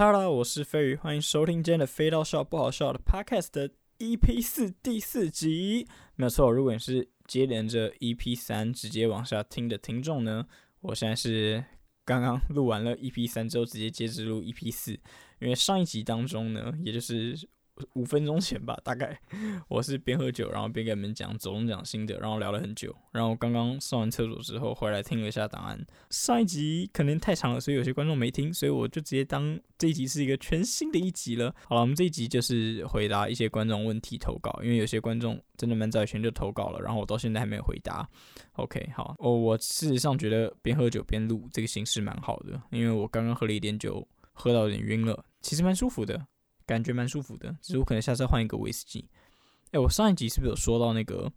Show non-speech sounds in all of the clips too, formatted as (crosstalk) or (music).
哈嘍，Hello, 我是飛魚，歡迎收聽今天的《飛到笑不好笑》的 Podcast EP 四第四集，沒有錯。如果你是接連着 EP 三直接往下聽的聽眾呢，我現在是剛剛錄完了 EP 三之後，直接接着錄 EP 四，因為上一集當中呢，也就是。五分鐘前吧，大概 (laughs) 我是邊喝酒，然後邊跟你們講總講新的，然後聊了很久。然後剛剛上完廁所之後回來聽了一下答案，上一集可能太長了，所以有些觀眾沒聽，所以我就直接當這一集是一個全新的一集了。好了，我們這一集就是回答一些觀眾問題投稿，因為有些觀眾真的蠻早前就投稿了，然後我到現在還沒有回答。OK，好，哦，我事實上覺得邊喝酒邊錄這個形式蠻好的，因為我剛剛喝了一點酒，喝到有點暈了，其實蠻舒服的。感覺蠻舒服的，只是我可能下次換一個威士忌。誒、欸，我上一集是不是有說到那個？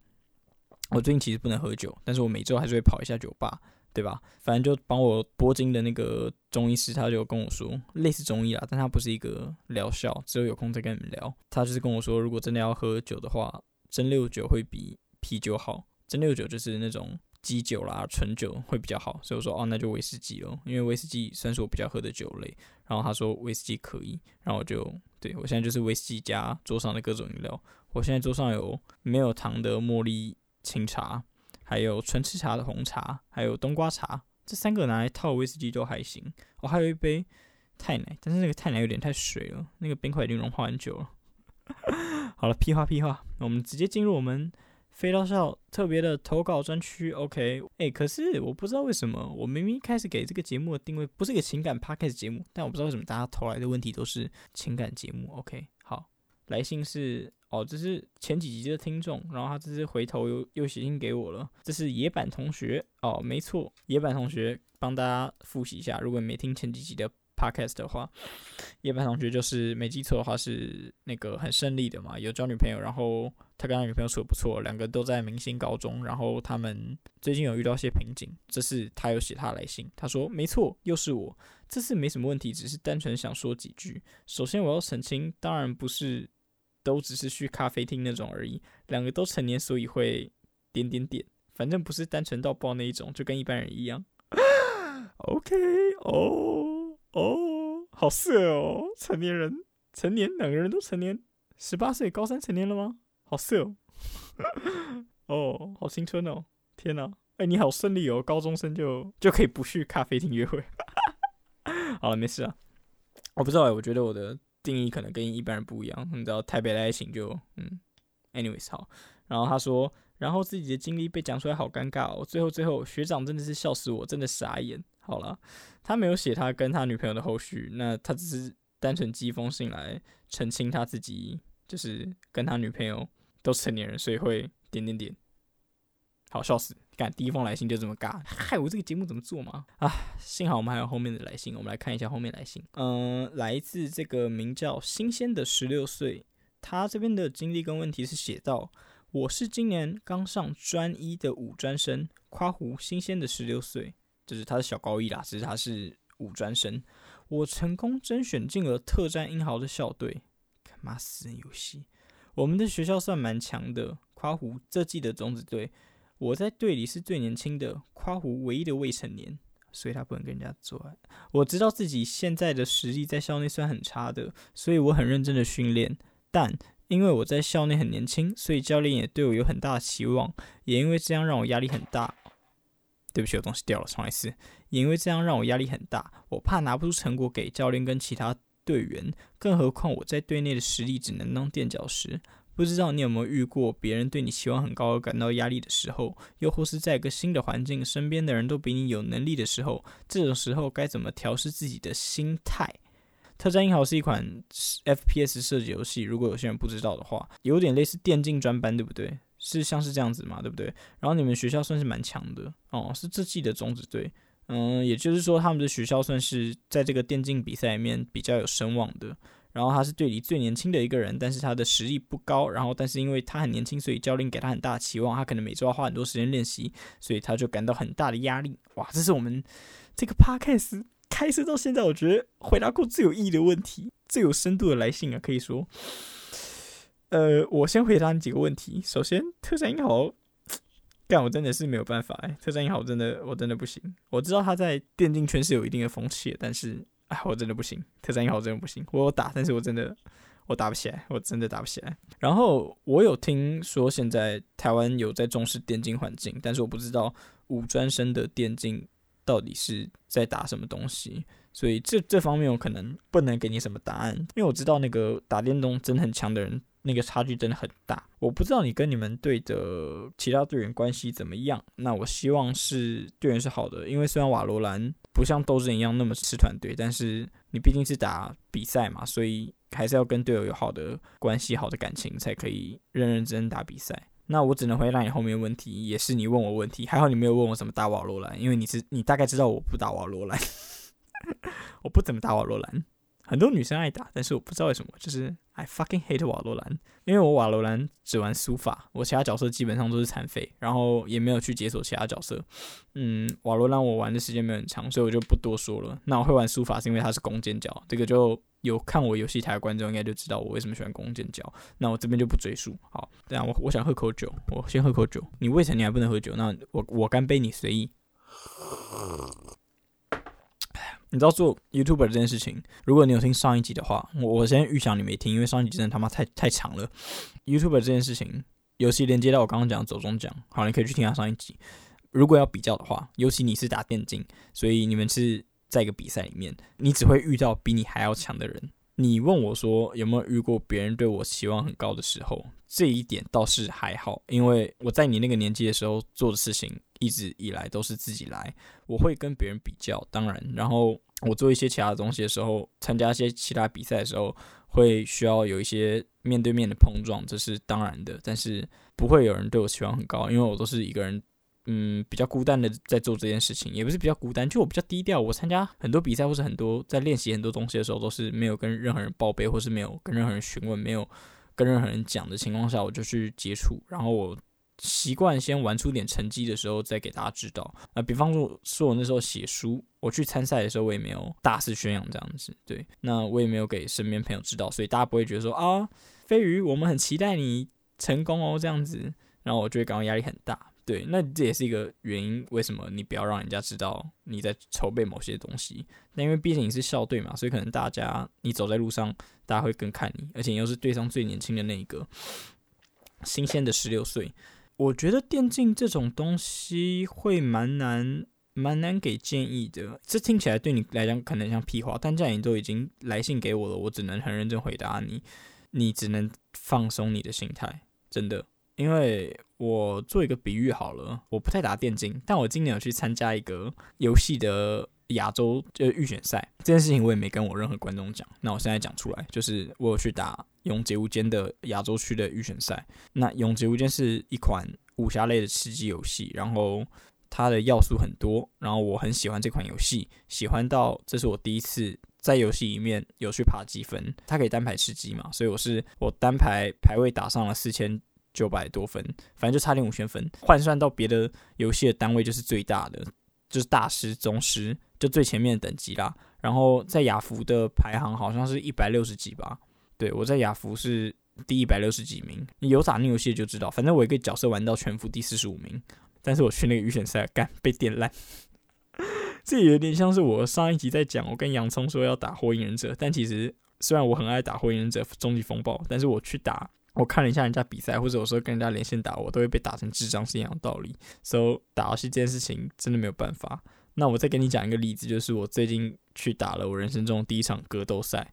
我最近其實不能喝酒，但是我每周還是會跑一下酒吧，對吧？反正就幫我撥筋的那個中醫師，他就跟我說，類似中醫啦，但他不是一個療效，只有有空再跟你們聊。他就是跟我說，如果真的要喝酒的話，蒸餾酒會比啤酒好。蒸餾酒就是那種。基酒啦，純酒會比較好，所以我說哦，那就威士忌咯，因為威士忌算是我比較喝的酒類。然後他說威士忌可以，然後我就對，我現在就是威士忌加桌上的各種飲料。我現在桌上有沒有糖的茉莉清茶，還有純喫茶的紅茶，還有冬瓜茶，這三個拿來套威士忌都還行。我、哦、還有一杯泰奶，但是那個泰奶有點太水了，那個冰塊已經融化很久了。 (laughs) 好了，屁話屁話，我們直接進入我們。飛到笑特別的投稿專區，OK，哎、欸，可是我不知道為什麼，我明明一開始給這個節目的定位不是一個情感 podcast 節目，但我不知道為什麼大家投來的問題都是情感節目。OK，好，來信是哦，這是前幾集的聽眾，然後他這是回頭又又寫信給我了，這是野坂同學哦，沒錯，野坂同學幫大家複習一下，如果你沒聽前幾集的。Podcast 的話，夜班同學就是沒記錯的話是那個很順利的嘛，有交女朋友，然後他跟他女朋友處得不錯，兩個都在明星高中，然後他們最近有遇到一些瓶頸。這次他有寫他來信，他說沒錯，又是我，這次沒什麼問題，只是單純想說幾句。首先我要澄清，當然不是都只是去咖啡廳那種而已，兩個都成年，所以會點點點，反正不是單純到爆那一種，就跟一般人一樣。 (laughs) OK 哦、oh。哦，oh, 好色哦，成年人，成年兩個人都成年，十八歲高三成年了嗎？好色哦， (laughs) oh, 好青春哦，天吶，哎，你好順利哦，高中生就就可以不去咖啡廳約會， (laughs) 好了，沒事啊，我不知道哎、欸，我覺得我的定義可能跟一般人不一樣，你知道台北的愛情就嗯，anyways 好，然後他說。然後自己的經歷被講出來，好尷尬哦！最後最後，學長真的是笑死我，真的傻眼。好了，他沒有寫他跟他女朋友的後續，那他只是單純寄封信來澄清他自己，就是跟他女朋友都是成年人，所以會點點點。好笑死！看第一封來信就這麼尬，害我這個節目怎麼做嘛？啊，幸好我們還有後面的來信，我們來看一下後面的來信。嗯，來自這個名叫“新鮮”的十六歲，他這邊的經歷跟問題是寫到。我是今年剛上專一的五專生，誇胡，新鮮的十六歲，這、就是他的小高一啦，只是他是五專生。我成功甄選進了特戰英豪的校隊，幹嘛死人遊戲？我們的學校算蠻強的，誇胡這季的種子隊，我在隊裡是最年輕的，誇胡唯一的未成年，所以他不能跟人家做愛。我知道自己現在的實力在校內算很差的，所以我很認真的訓練，但。因為我在校內很年輕，所以教練也對我有很大的期望，也因為這樣讓我壓力很大。對不起，我東西掉了，重來一次。也因為這樣讓我壓力很大，我怕拿不出成果給教練跟其他隊員。更何況我在隊內的實力只能當墊腳石。不知道你有沒有遇過別人對你期望很高而感到壓力的時候？又或是在一個新的環境，身邊的人都比你有能力的時候，這種時候該怎麼調適自己的心態？特戰英豪是一款 FPS 射擊遊戲，如果有些人不知道的話，有點類似電競專班，對不對？是像是這樣子嘛，對不對？然後你們學校算是蠻強的哦，是這季的種子隊，嗯，也就是說他們的學校算是在這個電競比賽裡面比較有聲望的。然後他是隊裡最年輕的一個人，但是他的實力不高。然後但是因為他很年輕，所以教練給他很大的期望，他可能每週要花很多時間練習，所以他就感到很大的壓力。哇，這是我們這個 Podcast，開始到現在，我覺得回答過最有意義的問題、最有深度的來信啊，可以說，呃，我先回答你幾個問題。首先，特戰英豪，幹，我真的是沒有辦法哎，特戰英豪真的，我真的不行。我知道他在電競圈是有一定的風氣，但是，哎，我真的不行，特戰英豪真的不行。我有打，但是我真的我打不起來，我真的打不起來。然後我有聽說現在台灣有在重視電競環境，但是我不知道五專生的電競。到底是在打什麼東西？所以這這方面我可能不能給你什麼答案，因為我知道那個打電動真的很強的人，那個差距真的很大。我不知道你跟你們隊的其他隊員關係怎麼樣。那我希望是隊員是好的，因為雖然瓦羅蘭不像鬥陣一樣那麼吃團隊，但是你畢竟是打比賽嘛，所以還是要跟隊友有好的關係、好的感情，才可以認認真真打比賽。那我只能回答你後面問題，也是你問我問題。還好你沒有問我什麼打瓦羅蘭，因為你是你大概知道我不打瓦羅蘭， (laughs) 我不怎麼打瓦羅蘭。很多女生愛打，但是我不知道為什麼，就是 I fucking hate 瓦羅蘭，因為我瓦羅蘭只玩蘇法，我其他角色基本上都是殘廢，然後也沒有去解鎖其他角色。嗯，瓦羅蘭我玩的時間沒有很長，所以我就不多說了。那我會玩蘇法是因為它是弓箭角，這個就有看我遊戲台的觀眾應該就知道我為什麼喜歡弓箭角。那我這邊就不贅述。好，對啊，我我想喝口酒，我先喝口酒。你未成年還不能喝酒，那我我乾杯你隨意。你知道做 YouTuber 這件事情，如果你有聽上一集的話，我我先預想你沒聽，因為上一集真的他媽太太強了。YouTuber 這件事情，尤其連接到我剛剛講的走鐘獎，好，你可以去聽他上一集。如果要比較的話，尤其你是打電競，所以你們是在一個比賽裡面，你只會遇到比你還要強的人。你問我說有沒有遇過別人對我期望很高的時候？這一點倒是還好，因為我在你那個年紀的時候做的事情，一直以來都是自己來。我會跟別人比較，當然，然後我做一些其他東西的時候，參加一些其他比賽的時候，會需要有一些面對面的碰撞，這是當然的。但是不會有人對我期望很高，因為我都是一個人。嗯，比較孤單的在做這件事情，也不是比較孤單，就我比較低調。我參加很多比賽，或是很多在練習很多東西的時候，都是沒有跟任何人報備，或是沒有跟任何人詢問，沒有跟任何人講的情況下，我就去接觸。然後我習慣先玩出點成績的時候，再給大家知道。啊，比方說，說我那時候寫書，我去參賽的時候，我也沒有大肆宣揚這樣子，對。那我也沒有給身邊朋友知道，所以大家不會覺得說啊，飛魚，我們很期待你成功哦，這樣子，然後我就會感到壓力很大。對，那這也是一個原因，為什麼你不要讓人家知道你在籌備某些東西？那因為畢竟你是校隊嘛，所以可能大家你走在路上，大家會更看你，而且又是隊上最年輕的那一個，新鮮的十六歲。我覺得電競這種東西會蠻難，蠻難給建議的。這聽起來對你來講可能像屁話，但既然你都已經來信給我了，我只能很認真回答你。你只能放鬆你的心態，真的。因為我做一個比喻好了，我不太打電競，但我今年有去參加一個遊戲的亞洲，就是預選賽，這件事情我也沒跟我任何觀眾講。那我現在講出來，就是我有去打《永劫無間》的亞洲區的預選賽。那《永劫無間》是一款武俠類的吃雞遊戲，然後它的要素很多，然後我很喜歡這款遊戲，喜歡到這是我第一次在遊戲裡面有去爬積分。它可以單排吃雞嘛，所以我是我單排排位打上了四千。九百多分，反正就差點五千分，換算到別的遊戲的單位就是最大的，就是大師、宗師，就最前面的等級啦。然後在亞服的排行好像是一百六十幾吧，對我在亞服是第一百六十幾名。你有打那遊戲就知道，反正我一個角色玩到全服第四十五名，但是我去那個預選賽幹被電爛。 (laughs) 這也有點像是我上一集在講，我跟洋蔥說要打火影忍者，但其實雖然我很愛打火影忍者終極風暴，但是我去打。我看了一下人家比賽，或者有時候跟人家連線打我，我都會被打成智障，是一樣的道理。所、so, 以打遊戲這件事情真的沒有辦法。那我再給你講一個例子，就是我最近去打了我人生中第一場格鬥賽，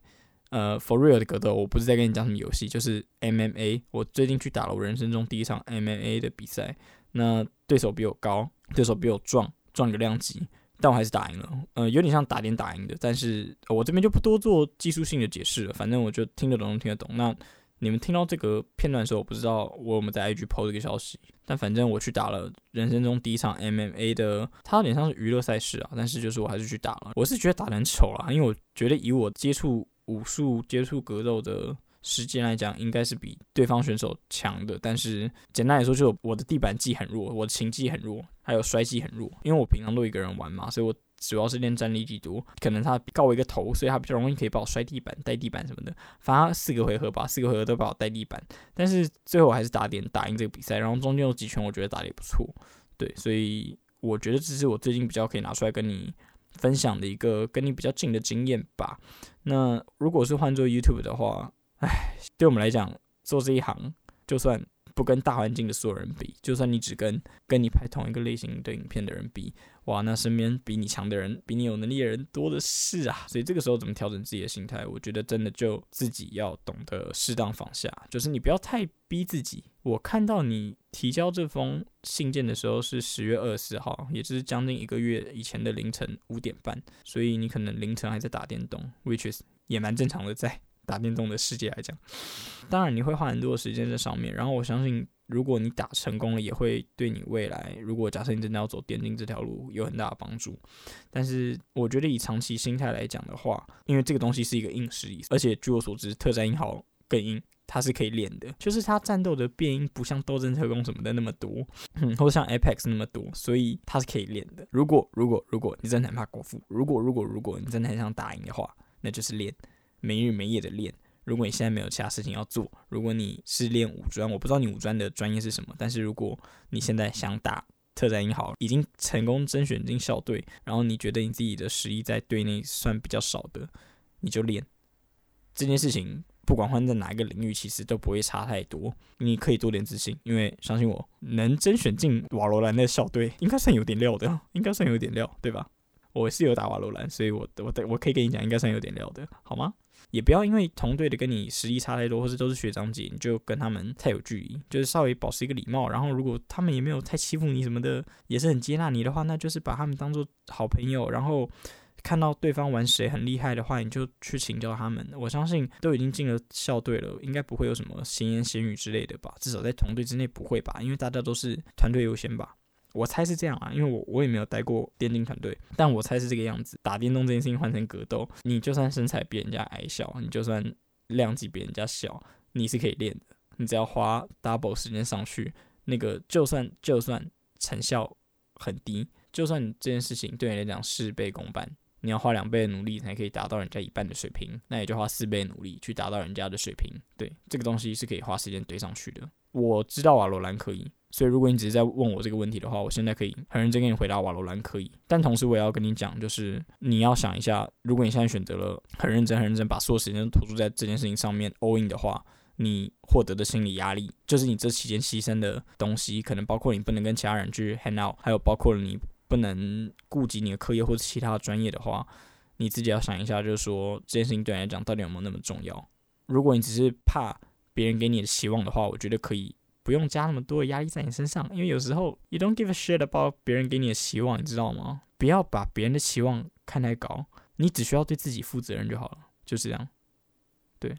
呃，for real 的格鬥。我不是在跟你講什麼遊戲，就是 MMA。我最近去打了我人生中第一場 MMA 的比賽。那對手比我高，對手比我壯，壯個量級，但我還是打贏了。呃，有點像打點打贏的，但是、哦、我這邊就不多做技術性的解釋了。反正我就聽得懂，聽得懂。那。你們聽到這個片段的時候，我不知道我有沒有在 IG po 這個消息，但反正我去打了人生中第一場 MMA 的。它有點像是娛樂賽事啊，但是就是我還是去打了。我是覺得打人醜啦，因為我覺得以我接觸武術、接觸格鬥的時間來講，應該是比對方選手強的。但是簡單來說，就我的地板技很弱，我的擒技很弱，還有摔技很弱，因為我平常都一個人玩嘛，所以我。主要是練站立幾多，可能他高我一個頭，所以他比較容易可以把我摔地板、帶地板什麼的。反正四個回合吧，四個回合都把我帶地板，但是最後還是打點打贏這個比賽。然後中間有幾拳，我覺得打得也不錯，對，所以我覺得這是我最近比較可以拿出來跟你分享的一個跟你比較近的經驗吧。那如果是換做 YouTube 的話，唉，對我們來講做這一行就算。不跟大環境的所有人比，就算你只跟跟你拍同一個類型的影片的人比，哇，那身邊比你強的人，比你有能力的人多的是啊。所以這個時候怎麼調整自己的心態，我覺得真的就自己要懂得適當放下，就是你不要太逼自己。我看到你提交這封信件的時候是十月二十號，也就是將近一個月以前的凌晨五點半，所以你可能凌晨還在打電動，which is 也蠻正常的在，打電動的世界來講，當然你會花很多的時間在上面。然後我相信，如果你打成功了，也會對你未來，如果假設你真的要走電競這條路，有很大的幫助。但是我覺得以長期心態來講的話，因為這個東西是一個硬實力，而且據我所知，特戰英豪更硬，它是可以練的。就是它戰鬥的變因不像《鬥陣特攻》什麼的那麼多，或者像 Apex 那麼多，所以它是可以練的。如果如果如果你真的很怕國服，如果如果如果你真的很想打贏的話，那就是練，沒日沒夜的練。如果你現在沒有其他事情要做，如果你是練武專，我不知道你武專的專業是什麼，但是如果你現在想打特戰英豪，已經成功甄選進校隊，然後你覺得你自己的實力在隊內算比較少的，你就練。這件事情不管換在哪一個領域，其實都不會差太多。你可以多點自信，因為相信我能甄選進瓦羅蘭的校隊，應該算有點料的，應該算有點料，對吧？我是有打瓦羅蘭，所以我我的我可以跟你講，應該算有點料的，好嗎？也不要因為同隊的跟你實力差太多，或者都是學長姐，你就跟他們太有距離，就是稍微保持一個禮貌。然後如果他們也沒有太欺負你什麼的，也是很接納你的話，那就是把他們當做好朋友。然後看到對方玩誰很厲害的話，你就去請教他們。我相信都已經進了校隊了，應該不會有什麼閒言閒語之類的吧？至少在同隊之內不會吧？因為大家都是團隊優先吧。我猜是這樣啊，因為我我也沒有帶過電競團隊，但我猜是這個樣子。打電動這件事情換成格鬥，你就算身材比人家矮小，你就算量級比人家小，你是可以練的。你只要花 double 時間上去，那個就算就算成效很低，就算你這件事情對你來講事倍功半，你要花兩倍的努力才可以達到人家一半的水平，那也就花四倍的努力去達到人家的水平。對，這個東西是可以花時間堆上去的。我知道瓦羅蘭可以。所以，如果你只是在問我這個問題的話，我現在可以很認真跟你回答，瓦羅蘭可以。但同時，我也要跟你講，就是你要想一下，如果你現在選擇了很認真、很認真把所有時間都投注在這件事情上面 all in 的話，你獲得的心理壓力，就是你這期間犧牲的東西，可能包括你不能跟其他人去 hang out，還有包括了你不能顧及你的課業或者其他專業的話，你自己要想一下，就是說這件事情對你來講到底有沒有那麼重要。如果你只是怕別人給你的期望的話，我覺得可以。不用加那麼多的壓力在你身上，因為有時候 you don't give a shit about 別人給你的期望，你知道嗎？不要把別人的期望看得太高，你只需要對自己負責任就好了。就是這樣，對，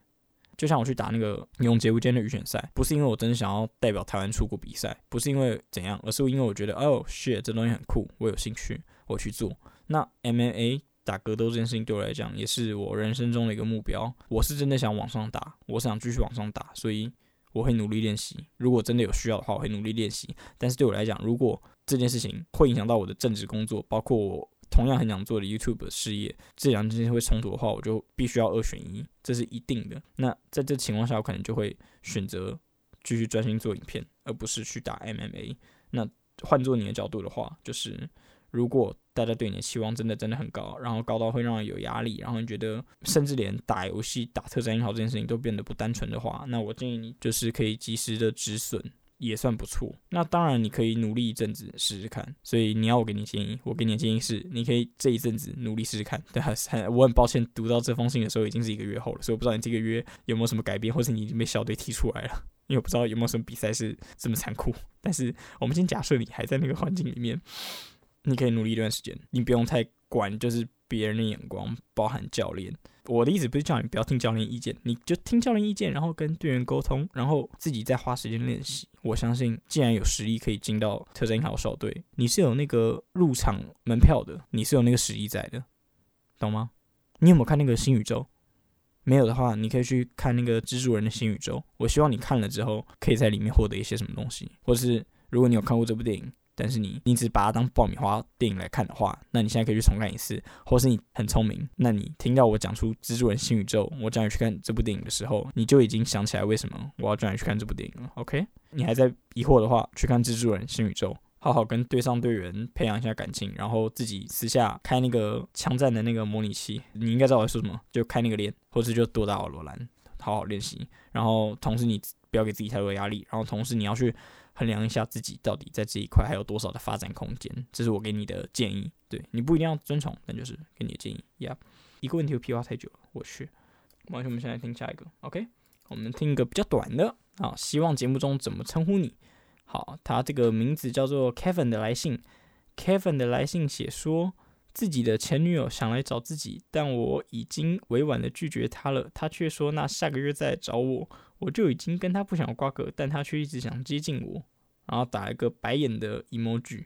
就像我去打那個永劫無間的預選賽，不是因為我真的想要代表台灣出國比賽，不是因為怎樣，而是因為我覺得哦，shit，這東西很酷，我有興趣，我去做。那 MMA 打格鬥這件事情對我來講也是我人生中的一個目標，我是真的想往上打，我想繼續往上打，所以。我會努力練習。如果真的有需要的話，我會努力練習。但是對我來講，如果這件事情會影響到我的正職工作，包括我同樣很想做的 YouTube 事業，這兩件事情會衝突的話，我就必須要二選一，這是一定的。那在這情況下，我可能就會選擇繼續專心做影片，而不是去打 MMA。那換做你的角度的話，就是如果……大家對你的期望真的真的很高，然後高到會讓人有壓力，然後你覺得甚至連打遊戲、打特戰英豪這件事情都變得不單純的話，那我建議你就是可以及時的止損，也算不錯。那當然你可以努力一陣子試試看，所以你要我給你建議，我給你的建議是，你可以這一陣子努力試試看。但是我很抱歉，讀到這封信的時候已經是一個月後了，所以我不知道你這個月有沒有什麼改變，或者你已經被小隊踢出來了，因為我不知道有沒有什麼比賽是這麼殘酷。但是我們先假設你還在那個環境裡面。你可以努力一段時間，你不用太管，就是別人的眼光，包含教練。我的意思不是叫你不要聽教練意見，你就聽教練意見，然後跟隊員溝通，然後自己再花時間練習。我相信，既然有實力可以進到特征一號少隊，你是有那個入場門票的，你是有那個實力在的，懂嗎？你有沒有看那個新宇宙？沒有的話，你可以去看那個蜘蛛人的新宇宙。我希望你看了之後，可以在裡面獲得一些什麼東西，或是如果你有看過這部電影。但是你，你只把它當爆米花電影來看的話，那你現在可以去重看一次，或是你很聰明，那你聽到我講出《蜘蛛人新宇宙》，我叫你去看這部電影的時候，你就已經想起來為什麼我要叫你去看這部電影了。OK，你還在疑惑的話，去看《蜘蛛人新宇宙》，好好跟對上隊員培養一下感情，然後自己私下開那個槍戰的那個模擬器，你應該知道我說什麼，就開那個連，或是就多打奧羅蘭，好好練習。然後同時你不要給自己太多壓力，然後同時你要去。衡量一下自己到底在這一塊還有多少的發展空間，這是我給你的建議。對你不一定要遵從，但就是給你的建議。呀、yeah.，一個問題又屁話太久了，我去。沒關係，我們先來聽下一個。OK，我們聽一個比較短的。啊。希望節目中怎麼稱呼你？好，他這個名字叫做 Kevin 的來信。Kevin 的來信寫說，自己的前女友想來找自己，但我已經委婉地拒絕他了。他卻說，那下個月再找我。我就已經跟他不想要瓜葛，但他卻一直想接近我，然後打一個白眼的 emoji。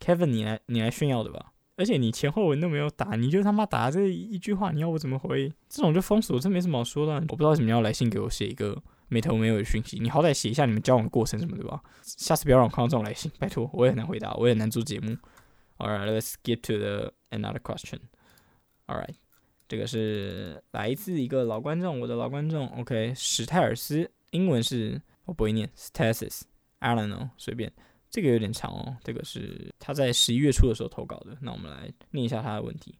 Kevin，你來你來炫耀的吧？而且你前後文都沒有打，你就他媽打這一句話，你要我怎麼回？這種就封鎖，這沒什麼好說的。我不知道為什麼要來信給我寫一個沒頭沒尾的訊息，你好歹寫一下你們交往的過程什麼的吧？下次不要讓我看到這種來信，拜托。我也很難回答，我也很難做節目。All right, let's get to the another question. All right. 這個是來自一個老觀眾，我的老觀眾，OK，史泰爾斯，英文是，我不會念，Stacy's，I don't know，隨便，這個有點長哦，這個是他在十一月初的時候投稿的，那我們來念一下他的問題。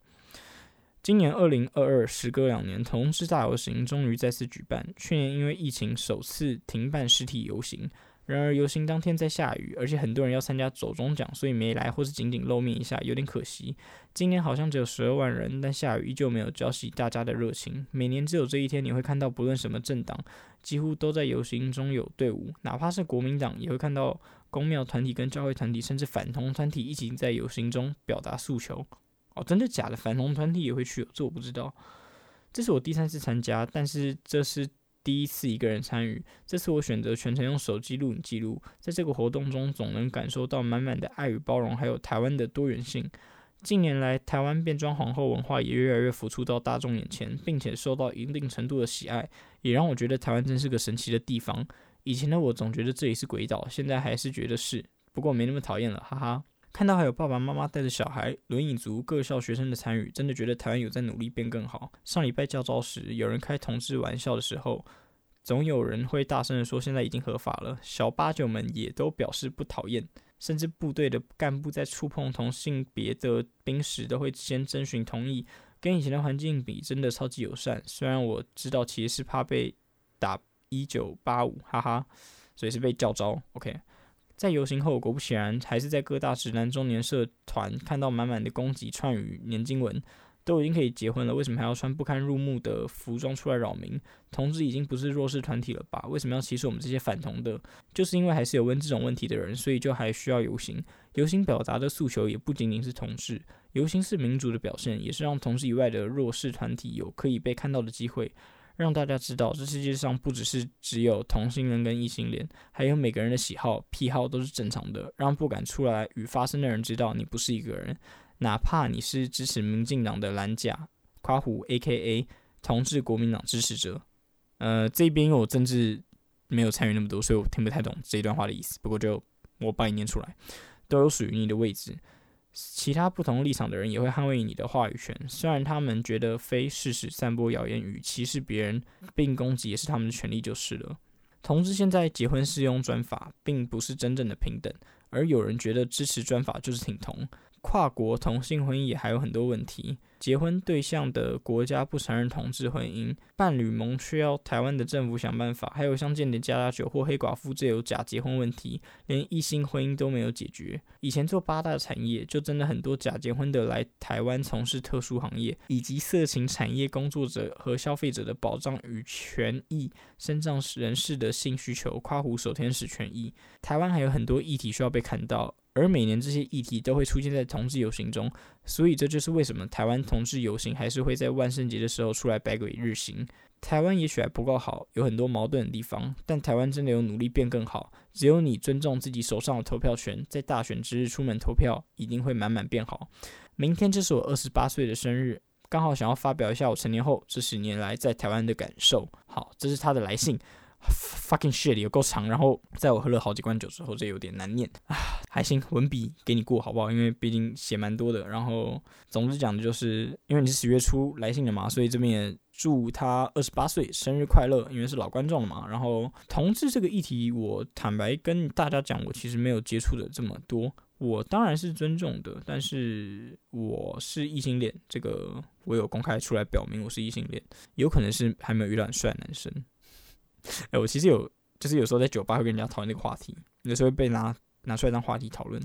今年二零二二，時隔兩年，同志大遊行終於再次舉辦，去年因為疫情首次停辦實體遊行。然而遊行當天在下雨，而且很多人要參加走中獎，所以沒來或是僅僅露面一下，有點可惜。今年好像只有十二萬人，但下雨依舊沒有澆熄大家的熱情。每年只有這一天，你會看到不論什麼政黨，幾乎都在遊行中有隊伍，哪怕是國民黨也會看到宮廟團體跟教會團體，甚至反同團體一起在遊行中表達訴求。哦，真的假的？反同團體也會去？這我不知道。這是我第三次參加，但是這是，第一次一個人參與，這次我選擇全程用手機錄影記錄。在這個活動中，總能感受到滿滿的愛與包容，還有台灣的多元性。近年來，台灣變裝皇后文化也越來越浮出到大眾眼前，並且受到一定程度的喜愛，也讓我覺得台灣真是個神奇的地方。以前的我總覺得這裡是鬼島，現在還是覺得是，不過沒那麼討厭了，哈哈。看到還有爸爸媽媽帶着小孩、輪椅族、各校學生的參與，真的覺得台灣有在努力變更好。上禮拜教召時，有人開同志玩笑的時候，總有人會大聲地說現在已經合法了。小八九們也都表示不討厭，甚至部隊的幹部在觸碰同性別的兵時，都會先徵詢同意。跟以前的環境比，真的超級友善。雖然我知道其實是怕被打一九八五，哈哈，所以是被教召。OK。在遊行後，果不其然，還是在各大直男中年社團看到滿滿的攻擊串與、年經文，都已經可以結婚了，為什麼還要穿不堪入目的服裝出來擾民？同志已經不是弱勢團體了吧？為什麼要歧視我們這些反同的？就是因為還是有問這種問題的人，所以就還需要遊行。遊行表達的訴求也不僅僅是同志，遊行是民主的表現，也是讓同志以外的弱勢團體有可以被看到的機會。讓大家知道，這世界上不只是只有同性戀跟異性戀，還有每個人的喜好、癖好都是正常的。讓不敢出來與發聲的人知道，你不是一個人，哪怕你是支持民進黨的藍甲誇虎 （A.K.A. 同志國民黨支持者）。呃，這邊因為我政治沒有參與那麼多，所以我聽不太懂這一段話的意思。不過就，就我幫你念出來，都有屬於你的位置。其他不同立場的人也會捍衛你的話語權，雖然他們覺得非事實散播謠言與歧視別人並攻擊也是他們的權利就是了。同志現在結婚適用專法，並不是真正的平等，而有人覺得支持專法就是挺同。跨國同性婚姻也還有很多問題，結婚對象的國家不承認同志婚姻，伴侶盟需要台灣的政府想辦法。還有像間諜家家酒或黑寡婦這有假結婚問題，連異性婚姻都沒有解決。以前做八大產業，就真的很多假結婚的來台灣從事特殊行業，以及色情產業工作者和消費者的保障與權益，身障人士的性需求，跨胡守天使權益，台灣還有很多議題需要被看到。而每年這些議題都會出現在同志遊行中，所以這就是為什麼台灣同志遊行還是會在萬聖節的時候出來百鬼夜行。台灣也許還不夠好，有很多矛盾的地方，但台灣真的有努力變更好。只有你尊重自己手上的投票權，在大選之日出門投票，一定會慢慢變好。明天就是我二十八歲的生日，剛好想要發表一下我成年後這十年來在台灣的感受。好，這是他的來信。Fucking shit，有夠長。然後在我喝了好幾罐酒之後，這有點難念啊，還行，文筆給你過好不好？因為畢竟寫蠻多的。然後，總之講的就是，因為你是十月初來信的嘛，所以這邊也祝他二十八歲生日快樂。因為是老觀眾了嘛。然後，同志這個議題，我坦白跟大家講，我其實沒有接觸的這麼多。我當然是尊重的，但是我是異性戀，這個我有公開出來表明我是異性戀，有可能是還沒有遇到很帥的男生。哎、欸，我其實有，就是有時候在酒吧會跟人家討論這個話題，有時候會被拿拿出來當話題討論。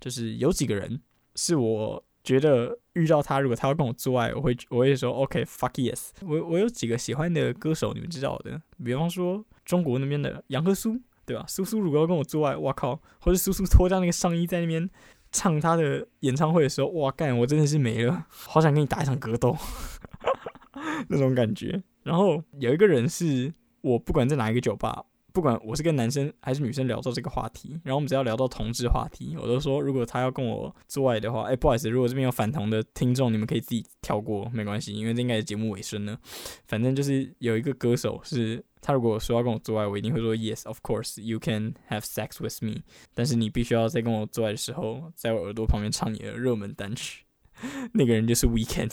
就是有幾個人，是我覺得遇到他，如果他要跟我做愛，我會我會說 OK fuck yes。我我有幾個喜歡的歌手，你們知道的，比方說中國那邊的楊和蘇，對吧？蘇蘇如果要跟我做愛，哇靠！或者蘇蘇脫掉那個上衣在那邊唱他的演唱會的時候，哇幹！我真的是沒了，好想跟你打一場格鬥 (laughs) 那種感覺。然後有一個人是。我不管在哪一個酒吧，不管我是跟男生還是女生聊到這個話題，然後我們只要聊到同志話題，我都說如果他要跟我做愛的話，哎，不好意思，如果這邊有反同的聽眾，你們可以自己跳過，沒關係，因為這應該是節目尾聲了。反正就是有一個歌手是，他如果說要跟我做愛，我一定會說 yes of course you can have sex with me，但是你必須要在跟我做愛的時候，在我耳朵旁邊唱你的熱門單曲。 (laughs) 那個人就是 Weeknd。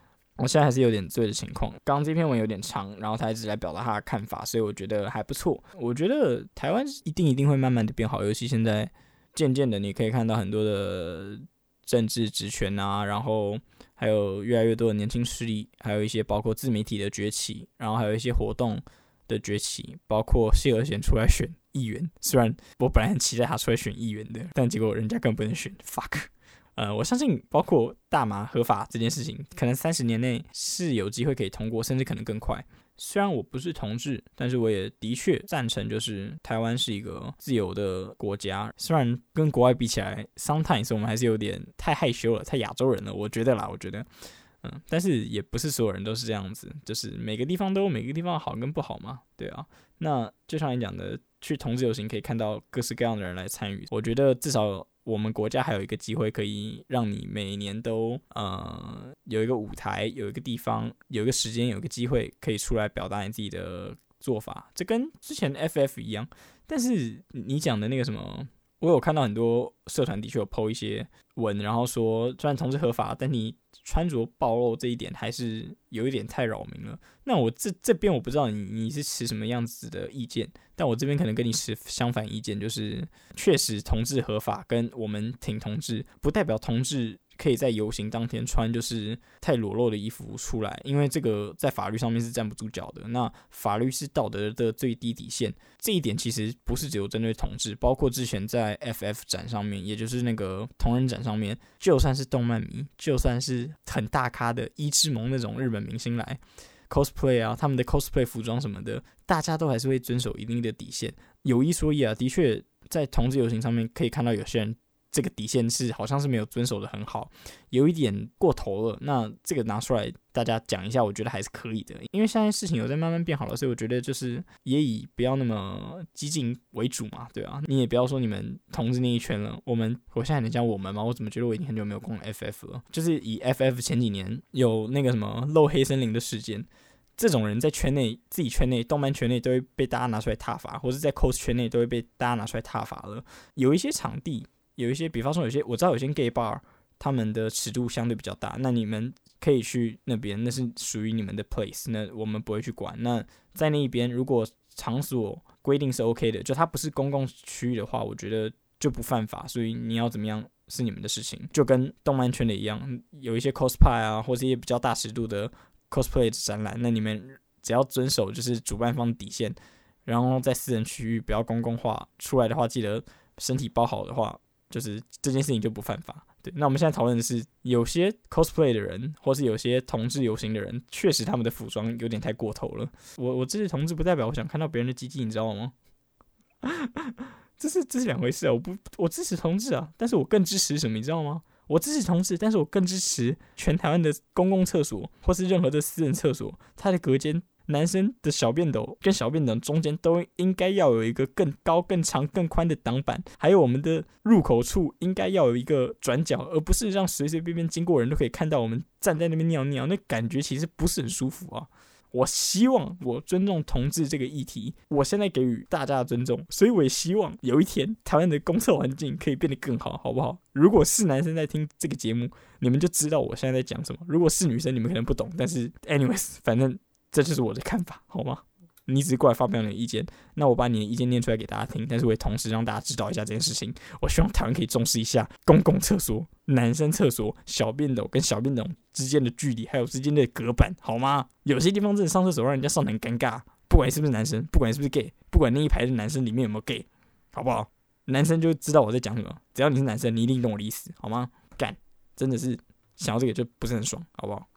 我現在還是有點醉的情況。剛剛這篇文有點長，然後他一直在表達他的看法，所以我覺得還不錯。我覺得台灣一定一定會慢慢的變好，尤其現在漸漸的你可以看到很多的政治職權啊，然後還有越來越多的年輕勢力，還有一些包括自媒體的崛起，然後還有一些活動的崛起，包括謝和弦出來選議員。雖然我本來很期待他出來選議員的，但結果人家更不能選。fuck。呃，我相信包括大麻合法這件事情，可能三十年內是有機會可以通過，甚至可能更快。雖然我不是同志，但是我也的確贊成，就是台灣是一個自由的國家。雖然跟國外比起來，sometimes 我們還是有點太害羞了，太亞洲人了。我覺得啦，我覺得，嗯，但是也不是所有人都是這樣子，就是每個地方都有每個地方的好跟不好嘛，對啊。那就像你講的，去同志遊行可以看到各式各樣的人來參與，我覺得至少。我們國家還有一個機會，可以讓你每年都呃有一個舞台，有一個地方，有一個時間，有一個機會可以出來表達你自己的做法。這跟之前的 FF 一樣，但是你講的那個什麼？我有看到很多社團的確有 PO 一些文，然後說雖然同志合法，但你穿着暴露這一點還是有一點太擾民了。那我這這邊我不知道你你是持什麼樣子的意見，但我這邊可能跟你持相反意見，就是確實同志合法跟我們挺同志，不代表同志。可以在遊行當天穿就是太裸露的衣服出來，因為這個在法律上面是站不住腳的。那法律是道德的最低底線，這一點其實不是只有針對同志，包括之前在 FF 展上面，也就是那個同人展上面，就算是動漫迷，就算是很大咖的伊織萌那種日本明星來 cosplay 啊，他們的 cosplay 服裝什麼的，大家都還是會遵守一定的底線。有一說一啊，的確在同志遊行上面可以看到有些人。這個底線是好像是沒有遵守的很好，有一點過頭了。那這個拿出來大家講一下，我覺得還是可以的。因為現在事情有在慢慢變好了，所以我覺得就是也以不要那麼激進為主嘛，對吧、啊？你也不要說你們同志那一圈了，我們我現在能講我們嗎，我怎麼覺得我已經很久沒有逛 FF 了？就是以 FF 前幾年有那個什麼漏黑森林的事件，這種人在圈內、自己圈內、動漫圈內都會被大家拿出來撻伐，或者在 cos 圈內都會被大家拿出來撻伐了。有一些場地。有一些，比方說，有些，我知道有些 gay bar，他們的尺度相對比較大。那你們可以去那邊，那是屬於你們的 place，那我們不會去管。那在那一邊，如果場所規定是 OK 的，就它不是公共區域的話，我覺得就不犯法。所以你要怎麼樣是你們的事情，就跟動漫圈的一樣，有一些 cosplay 啊，或是一些比較大尺度的 cosplay 展覽，那你們只要遵守就是主辦方的底線，然後在私人區域不要公共化，出來的話記得身體包好的話。就是這件事情就不犯法，對。那我們現在討論的是，有些 cosplay 的人，或是有些同志遊行的人，確實他們的服裝有點太過頭了。我我支持同志，不代表我想看到別人的雞雞，你知道嗎？這是這是兩回事啊！我不我支持同志啊，但是我更支持什麼？你知道嗎？我支持同志，但是我更支持全台灣的公共廁所，或是任何的私人廁所，它的隔間。男生的小便斗跟小便斗中間都應該要有一個更高、更長、更寬的擋板，還有我們的入口處應該要有一個轉角，而不是讓隨隨便便經過人都可以看到我們站在那邊尿尿，那感覺其實不是很舒服啊。我希望我尊重同志這個議題，我現在給予大家的尊重，所以我也希望有一天台灣的公廁環境可以變得更好，好不好？如果是男生在聽這個節目，你們就知道我現在在講什麼；如果是女生，你們可能不懂，但是 anyways，反正。這就是我的看法，好嗎？你只是過來發表你的意見，那我把你的意見念出來給大家聽，但是我也同時讓大家知道一下這件事情。我希望台灣可以重視一下公共廁所、男生廁所、小便斗跟小便斗之間的距離，還有之間的隔板，好嗎？有些地方真的上廁所讓人家上得很尷尬，不管是不是男生，不管是不是 gay，不管那一排的男生裡面有沒有 gay，好不好？男生就知道我在講什麼，只要你是男生，你一定懂我的意思，好嗎？幹，真的是想到這個就不是很爽，好不好？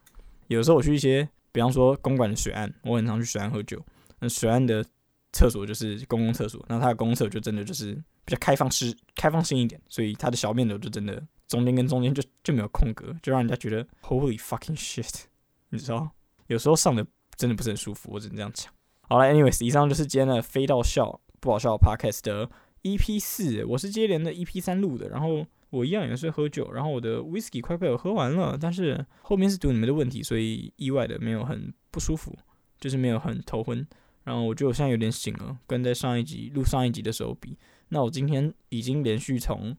有時候我去一些。比方說，公館的水岸，我很常去水岸喝酒。那水岸的廁所就是公共廁所，那它的公廁就真的就是比較開放式、開放性一點，所以它的小便斗就真的中間跟中間就就沒有空格，就讓人家覺得 Holy fucking shit，你知道？有時候上的真的不是很舒服，我只能這樣講。好了，anyways，以上就是今天的飛到笑不好笑的 Podcast 的 EP 四，我是接連的 EP 三錄的，然後。我一樣也是喝酒，然後我的 whiskey 快被我喝完了，但是後面是讀你們的問題，所以意外的沒有很不舒服，就是沒有很頭昏。然後我覺得我現在有點醒了，跟在上一集錄上一集的時候比。那我今天已經連續從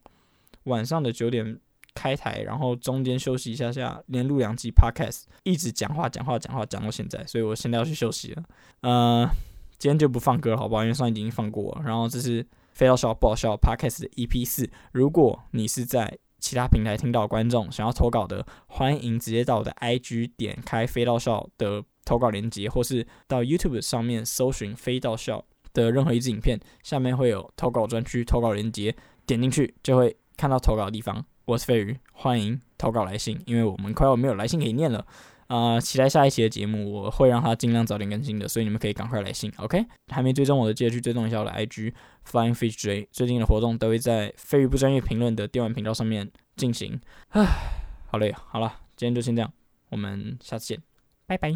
晚上的九點開台，然後中間休息一下下，連錄兩集 podcast，一直講話講話講話講到現在，所以我現在要去休息了。呃，今天就不放歌好不好？因為上一集已經放過了。然後這是。飛到笑爆笑 podcast 的 EP 四，如果你是在其他平台聽到，觀眾想要投稿的，歡迎直接到我的 IG 點開飛到笑的投稿連接，或是到 YouTube 上面搜尋飛到笑的任何一支影片，下面會有投稿專區、投稿連接，點進去就會看到投稿的地方。我是飛魚，歡迎投稿來信，因為我們快要沒有來信可以念了。啊、呃，期待下一期的節目，我會讓它儘量早點更新的，所以你們可以趕快來信，OK？還沒追蹤我的，記得去追蹤一下我的 IG Flying Fish J，最近的活動都會在“飛魚不專業評論”的電玩頻道上面進行。唉，好嘞，好了，今天就先這樣，我們下次見，拜拜。